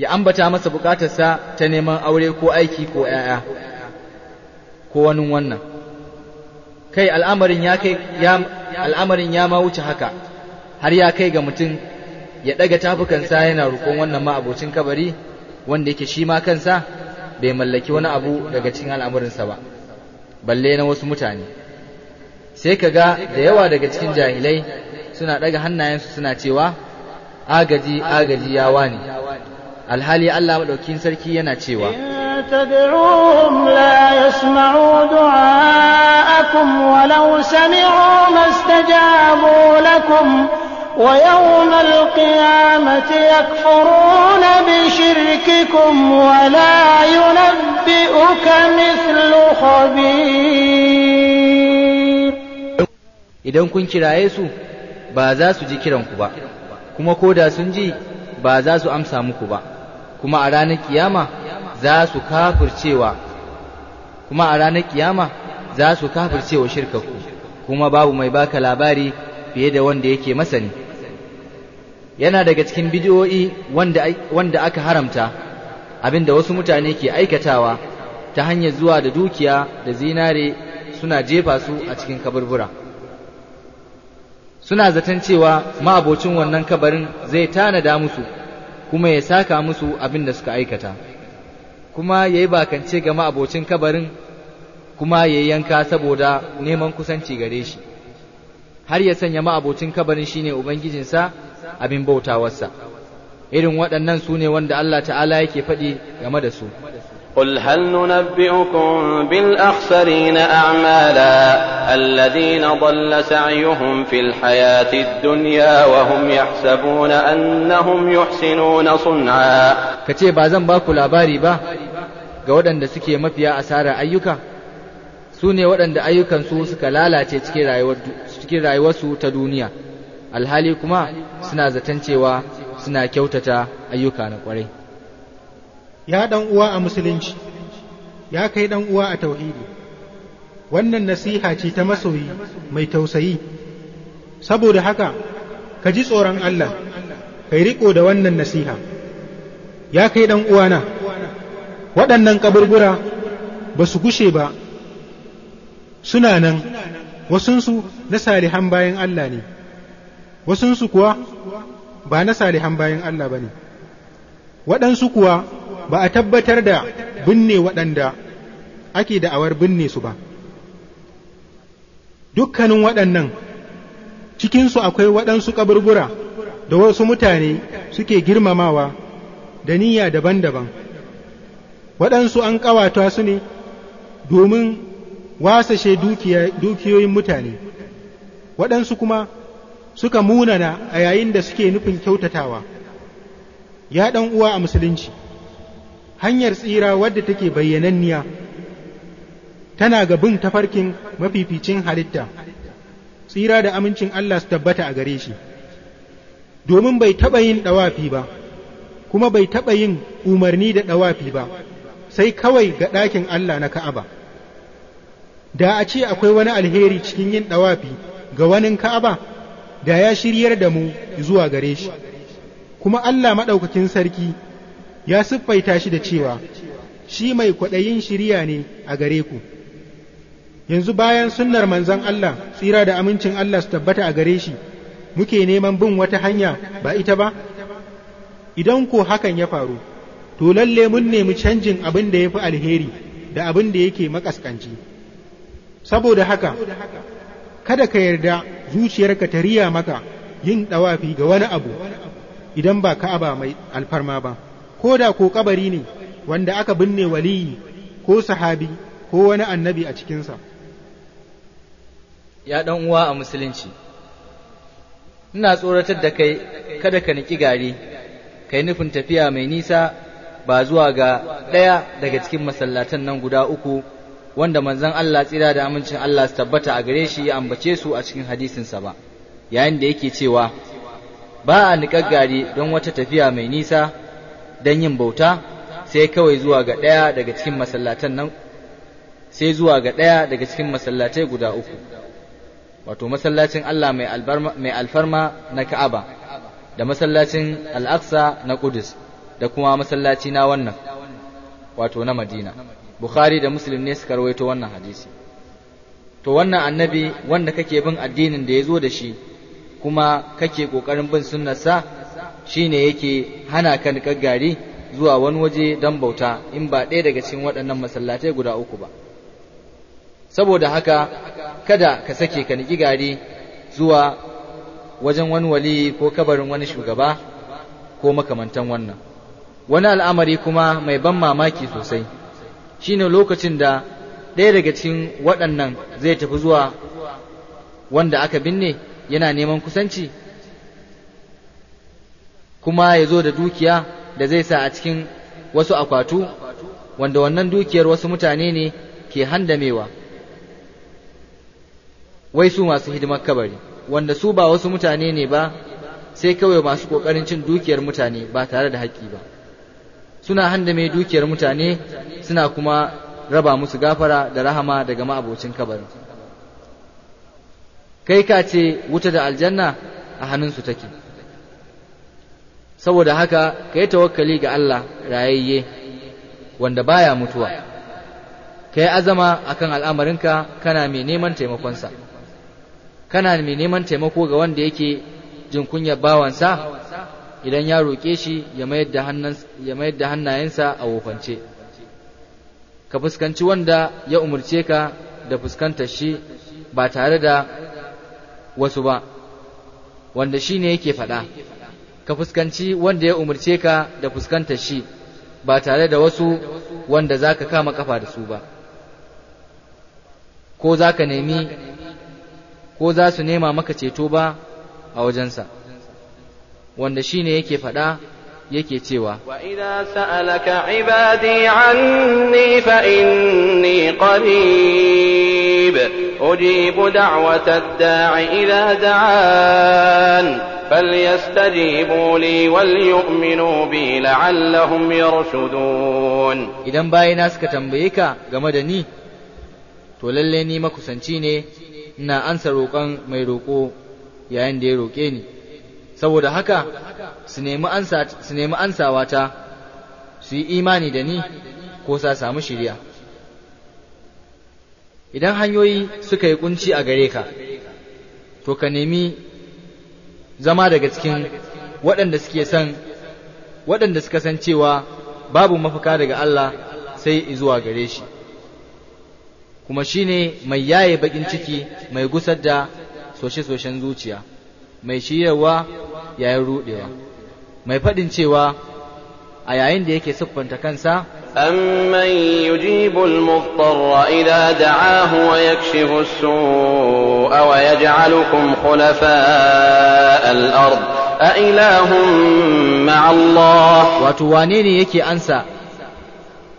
ya ambata masa bukatarsa ta neman aure ko aiki ko ‘ya'ya ko wani wannan kai al'amarin ya ma wuce haka har ya kai ga mutum ya ɗaga tafukansa yana rukon wannan ma'abocin kabari wanda yake shi ma kansa bai mallaki wani abu daga cikin al'amarinsa ba balle na wasu mutane sai ka ga da yawa daga cikin jahilai suna ɗaga hannayensu suna cewa agaji agaji yawa ne alhali allah maɗaukin sarki yana cewa. in ta duk rumla ya suma'udu haikam wala musamman masu ta jabo la kuma wa yau malamiya matafiyan furu na bin shirki idan kun kiraye su baza su ji kiran ba kuma ko da sun ji baza su amsa muku ba. kuma a ranar kiyama za su kafircewa kuma a ranar kiyama za su kafircewa shirkaku kuma babu mai baka labari fiye da wanda yake masani yana daga cikin bidiyoyi wanda, wanda aka haramta abinda wasu mutane ke aikatawa ta hanyar zuwa da dukiya da zinare suna jefa su a cikin kaburbura suna zaton cewa ma'abocin wannan kabarin zai tanada musu kuma ya saka musu abin da suka aikata kuma ya yi bakance ga ma'abocin kabarin kuma ya yanka saboda neman kusanci gare shi har ya sanya ma'abocin kabarin shine ubangijinsa abin bautawarsa irin waɗannan su ne wanda Allah ta'ala yake faɗi game da su na قل هل ننبئكم بالأخسرين أعمالا الذين ضل سعيهم في الحياة الدنيا وهم يحسبون أنهم يحسنون صنعا كتي بازن باكو labari ba ga waɗanda suke mafiya asarar ayyuka su ne waɗanda ayyukansu suka lalace cikin rayuwarsu ta duniya alhali kuma suna zaton cewa suna kyautata ayyuka na ƙwarai ya dan uwa a musulunci ya kai dan uwa a tauhidi wannan nasiha ce ta masoyi mai tausayi saboda haka ka ji tsoron Allah kai riko da wannan nasiha ya kai dan uwana waɗannan kaburbura ba su gushe ba suna nan wasunsu na salihan bayan Allah ne wasunsu kuwa ba na salihan bayan Allah ba ne waɗansu kuwa ba a tabbatar da binne waɗanda ake awar binne su ba dukkanin waɗannan cikinsu akwai waɗansu ƙaburbura da wasu mutane suke girmamawa da niyya daban-daban waɗansu an ƙawata su ne domin wasashe dukiyoyin mutane waɗansu kuma suka munana a yayin da suke nufin kyautatawa ya ɗan uwa a musulunci hanyar tsira wadda take bayyananniya tana ga bin tafarkin mafificin halitta tsira da amincin Allah su tabbata a gare shi domin bai taɓa yin ɗawafi ba kuma bai taɓa yin umarni da ɗawafi ba sai kawai ga ɗakin Allah na Ka'aba da a ce akwai wani alheri cikin yin ɗawafi ga wani Ka'aba da ya shiryar da mu zuwa gare shi kuma Allah maɗaukakin sarki ya siffaita shi da cewa shi mai kwaɗayin shirya ne a gare ku yanzu bayan sunnar manzan Allah tsira da amincin Allah su tabbata a gare shi muke neman bin wata hanya ba ita ba idan ko hakan ya faru to lalle mun nemi canjin abin da ya fi alheri da abin da yake makaskanci saboda haka kada ka yarda zuciyarka ta riya maka yin ɗawafi ga wani abu idan ba ka aba mai alfarma ba ko da ko kabari ne wanda aka binne waliyi ko sahabi ko wani annabi a cikinsa ya dan uwa a musulunci ina tsoratar da kai kada ka niki gari kai nufin tafiya mai nisa ba zuwa ga ɗaya daga cikin masallatan nan guda uku wanda manzon Allah tsira da amincin Allah su tabbata a gare shi ya ambace su a cikin hadisinsa ba yayin da yake cewa ba a niƙar gari don wata tafiya mai nisa don yin bauta sai kawai zuwa ga ɗaya daga cikin masallatan nan sai zuwa ga ɗaya daga cikin masallatai guda uku wato masallacin Allah mai alfarma na Ka'aba da masallacin Al-Aqsa na Qudus da kuma masallaci na wannan wato na Madina Bukhari da Muslim ne suka rawaito wannan hadisi to wannan annabi wanda kake bin addinin da ya zo da shi kuma kake kokarin bin sunnarsa Shi shine yake hana ka niƙar zuwa wani waje don bauta in ba ɗaya daga cikin waɗannan masallatai guda uku ba saboda haka kada ka sake ka niƙi gari zuwa wajen wani wali ko kabarin wani shugaba ko makamantan wannan wani al'amari kuma mai ban mamaki sosai shine lokacin da ɗaya daga cikin waɗannan zai tafi zuwa wanda aka binne yana neman kusanci kuma ya zo da dukiya da zai sa a cikin wasu akwatu wanda wannan dukiyar wasu mutane ne ke handamewa wai su masu hidimar kabari wanda su ba wasu mutane ne ba sai kawai masu ƙoƙarin cin dukiyar mutane ba tare da haƙƙi ba suna handame dukiyar mutane suna kuma raba musu gafara da rahama daga ma'abocin kabari. kai ka ce wuta da aljanna a hannunsu take saboda haka ka yi tawakkali ga Allah rayayye wanda baya mutuwa ka yi azama akan al'amarinka kana mai neman taimakonsa kana mai neman taimako ga wanda yake jin kunyar bawansa idan ya roƙe shi ya mayar da hannayensa a wofance ka fuskanci wanda ya umarce ka da fuskantar shi ba tare da wasu ba wanda shi ne yake faɗa ka fuskanci wanda ya umarce ka da fuskantar shi ba tare da wasu wanda za ka kama kafa da su ba ko za ka nemi ko za su nema maka ceto ba a wajensa wanda shi ne yake faɗa yake cewa wa idza sa'alaka ibadi anni fa inni qarib ujibu da'wata da'i idza da'an فليستجيبوا لي وليؤمنوا بي لعلهم يرشدون idan bayina suka tambaye ka game da ni to lallai ni makusanci ne ina ansa roƙon mai roƙo yayin da ya roƙe ni saboda haka su nemi ansawa ta su yi imani da ni ko sa samu shirya. idan hanyoyi suka yi ƙunci a gare ka to ka nemi zama daga cikin waɗanda suke san waɗanda suka san cewa babu mafaka daga Allah sai zuwa gare shi kuma shi ne mai yaye baƙin ciki mai gusar da soshe-soshen zuciya mai shiyarwa yayin ruɗewa. mai faɗin cewa a yayin da yake siffanta kansa أمن يجيب المضطر إذا دعاه ويكشف السوء ويجعلكم خلفاء الأرض أإله مع الله وتوانيني يكي أنسى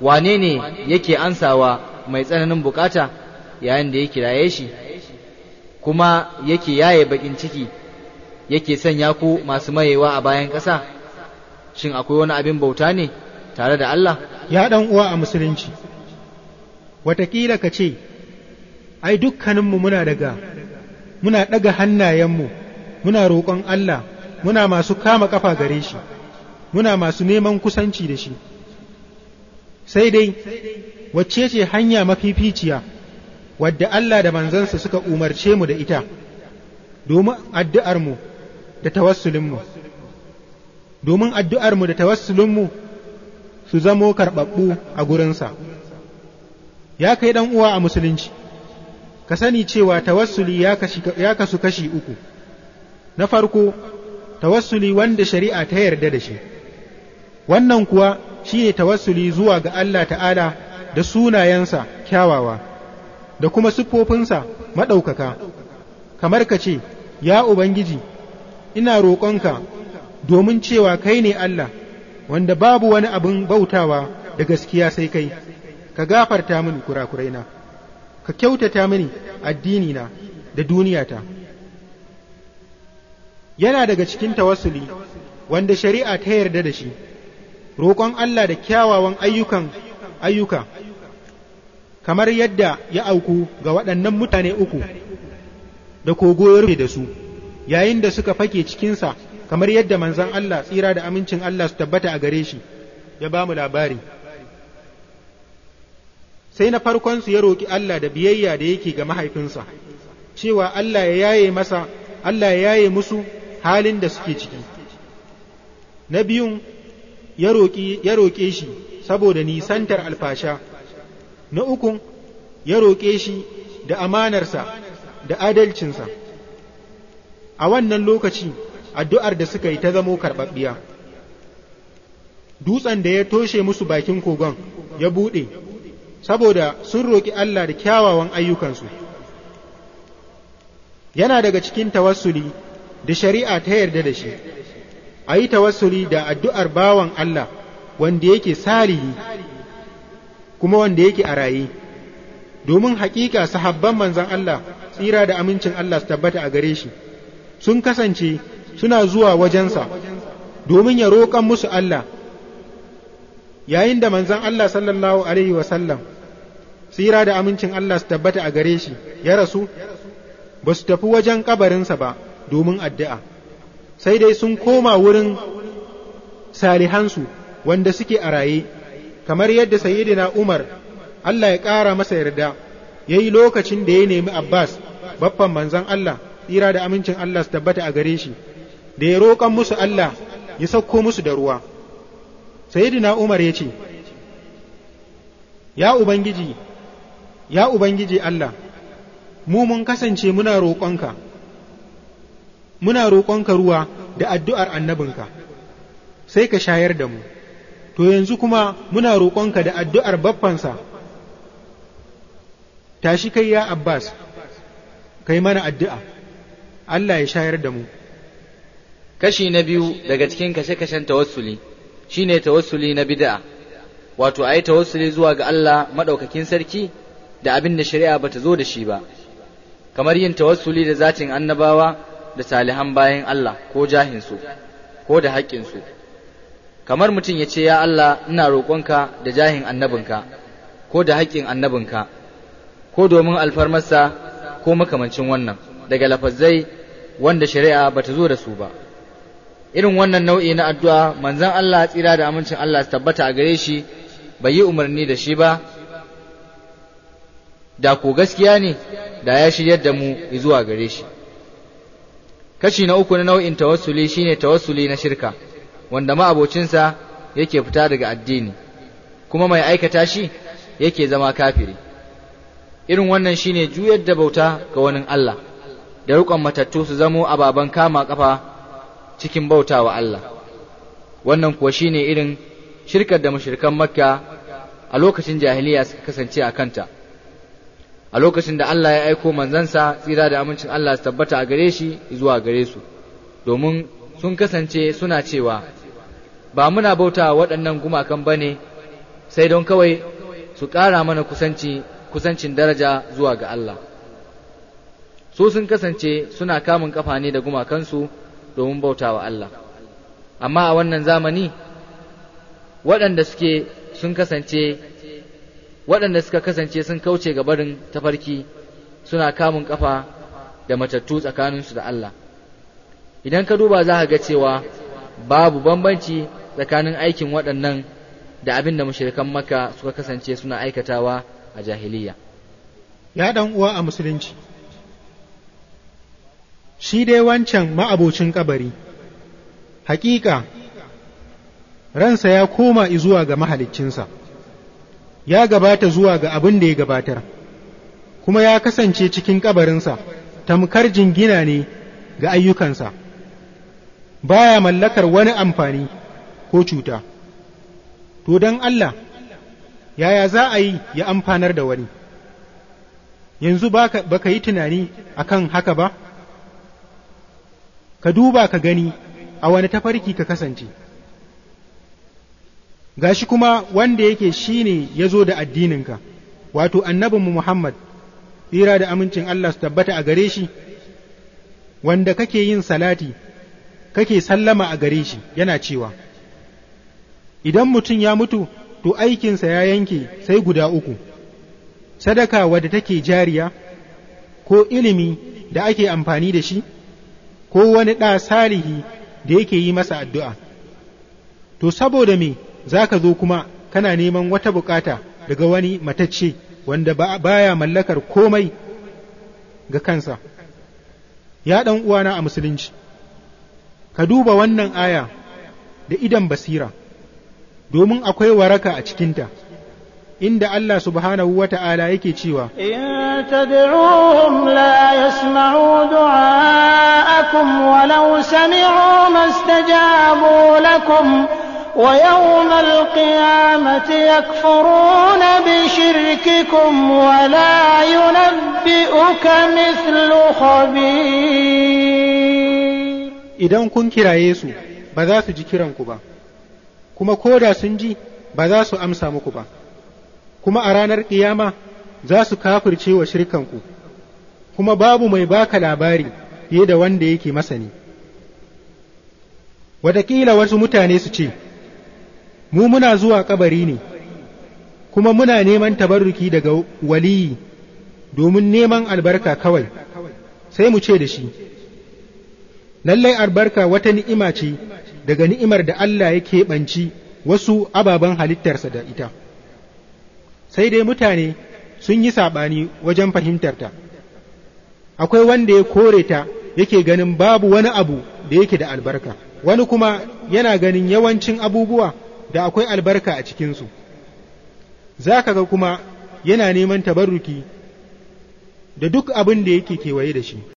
وانيني يكي أنسى وميزانا نمبكاتا يعني يكي لا يشي كما يكي ياي بكين تكي يكي سنياكو ما سمعي وابا ينكسا شين أكوون أبين بوتاني tare da Allah ya dan uwa a musulunci watakila ka ce ai dukkaninmu muna daga muna daga hannayenmu muna roƙon Allah muna masu kama kafa gare shi muna masu neman kusanci da shi sai dai wacce ce hanya mafificiya wadda Allah da manzansa suka umarce mu da ita domin addu'armu da tawassulinmu domin addu'armu da tawassulinmu su zamo karɓaɓɓu a gurinsa ya kai ɗan uwa a musulunci ka sani cewa tawassuli ya kasu kashi uku na farko tawassuli wanda shari'a ta yarda da shi wannan kuwa shi ne tawassuli zuwa ga Allah ta'ala da sunayensa kyawawa da kuma siffofinsa maɗaukaka kamar ka ce ya ubangiji ina roƙonka domin cewa kai ne Allah wanda babu wani abin bautawa da gaskiya sai kai ka gafarta mini kurakuraina ka kyautata mini addini na, da duniyata yana daga cikin tawassuli wanda shari'a ta yarda da shi roƙon Allah da kyawawan ayyukan ayyuka kamar yadda ya auku ga waɗannan mutane uku da kogo ya rufe da su yayin da suka fake cikinsa kamar yadda manzan Allah tsira da amincin Allah su tabbata a gare shi ya ba mu labari sai na farkon su ya roƙi Allah da biyayya da yake ga mahaifinsa cewa Allah ya yaye masa Allah ya yaye musu halin da suke ciki na biyun ya roƙe shi saboda nisantar alfasha na ukun ya roƙe shi da amanarsa da adalcinsa a wannan lokaci addu'ar da suka yi ta zamo karɓaɓɓiya dutsen da ya toshe musu bakin kogon ya buɗe saboda sun roƙi Allah da kyawawan ayyukansu yana daga cikin tawassuli da shari'a ta yarda da shi a yi tawassuli da addu'ar bawan Allah wanda yake salihi kuma wanda yake a raye domin haƙiƙa sahabban manzan Allah tsira da amincin Allah su tabbata a gare shi sun kasance suna zuwa wajensa domin ya roƙan musu Allah yayin da manzan Allah sallallahu alaihi wasallam tsira da amincin Allah su tabbata a gare shi ya rasu ba su tafi wajen ƙabarinsa ba domin addu'a sai dai sun koma wurin salihansu wanda suke a raye kamar yadda sayyidina Umar Allah ya ƙara masa yarda ya yi lokacin da ya nemi Abbas baffan manzan Allah tsira da amincin Allah su tabbata a gare shi da ya roƙon musu Allah ya sauko musu da ruwa sayyidina Umar ya ce ya ubangiji ya ubangiji Allah mu mun kasance muna roƙonka muna roƙonka ruwa da addu'ar annabinka sai ka shayar da mu to yanzu kuma muna roƙonka da addu'ar baffansa tashi kai ya Abbas kai mana addu'a Allah ya shayar da mu kashi na biyu daga cikin kashe-kashen tawassuli shine tawassuli na bida'a wato ayi tawassuli zuwa ga Allah madaukakin sarki da abin da shari'a bata zo da shi ba kamar yin tawassuli da zatin annabawa da salihan bayan Allah ko jahinsu ko da haƙƙinsu kamar mutum ya ce ya Allah ina roƙonka da jahin annabinka ko da haƙƙin annabinka ko domin alfarmarsa ko makamancin wannan daga lafazzai wanda shari'a bata zo da su ba irin wannan nau'i na addu'a manzon Allah tsira da amincin Allah su tabbata a gare shi bai yi umarni da shi ba da ko gaskiya ne da ya shiryar da mu zuwa gare shi kashi na uku na nau'in tawassuli shine tawassuli na shirka wanda ma'abocinsa yake fita daga addini kuma mai aikata shi yake zama kafiri irin wannan shine juyar da bauta ga wani Allah da rukon matattu su zamo ababen kama kafa cikin bautawa Allah wannan kuwa shine irin shirkar da mashirkan makka a lokacin jahiliya suka kasance a kanta a lokacin da Allah ya aiko manzansa tsira da amincin Allah su tabbata a gare shi zuwa gare su domin sun kasance suna cewa ba muna bauta waɗannan gumakan ba ne sai don kawai su ƙara mana kusancin daraja zuwa ga Allah su sun kasance suna kamun kafa ne da gumakansu domin bauta wa Allah amma a wannan zamani waɗanda suke sun kasance waɗanda suka kasance sun kauce ga barin tafarki suna kamun ƙafa da matattu tsakaninsu da Allah idan ka duba za ka ga cewa babu bambanci tsakanin aikin waɗannan da abin da mashirkan Makka suka kasance suna aikatawa a jahiliya ya uwa a musulunci shi dai wancan ma'abocin kabari hakika ransa ya koma zuwa ga mahaliccinsa ya gabata zuwa ga abin da ya gabatar kuma ya kasance cikin kabarinsa tamkar jingina ne ga ayyukansa baya mallakar wani amfani ko cuta to don Allah yaya za a yi ya amfanar da wani yanzu baka yi tunani a kan haka ba ka duba ka gani a wani tafarki ka kasance gashi kuma wanda yake ne ya zo da addininka wato annabinmu Muhammad tsira da amincin Allah su tabbata a gare shi wanda kake yin salati kake sallama a gare shi yana cewa idan mutum ya mutu to aikinsa ya yanke sai guda uku sadaka wadda take jariya ko ilimi da ake amfani da shi ko wani ɗa salihi da yake yi masa addu'a to saboda me za ka zo kuma kana neman wata bukata daga wani matacce wanda baya mallakar komai ga kansa ya ɗan uwana a musulunci ka duba wannan aya da idan basira domin akwai waraka a cikinta Inda Allah S.Wa ta'ala yake cewa. In ta duk rumla ya suma'udu a kun wani sani, in masla ta jihar bolakwai, yaumakila mataya furu na bin shirki kun Idan kun kiraye Yesu, ba za su ji kiranku ba, kuma ko da sun ji ba za su amsa muku ba. kuma a ranar ƙiyama za su kafirce wa shirkanku kuma babu mai baka labari fiye da wanda yake masani wataƙila wasu mutane su ce mu muna zuwa ƙabari ne kuma muna neman tabarruki daga waliyi domin neman albarka kawai sai mu ce da shi lallai albarka wata ni'ima ce daga ni'imar da Allah ya keɓanci wasu ababen halittarsa da ita sai dai mutane sun yi saɓani wajen fahimtarta akwai wanda ya kore ta yake ganin babu wani abu da yake da albarka wani kuma yana ganin yawancin abubuwa da akwai albarka a cikinsu za ka ga kuma yana neman tabarruki da duk abin da yake kewaye da shi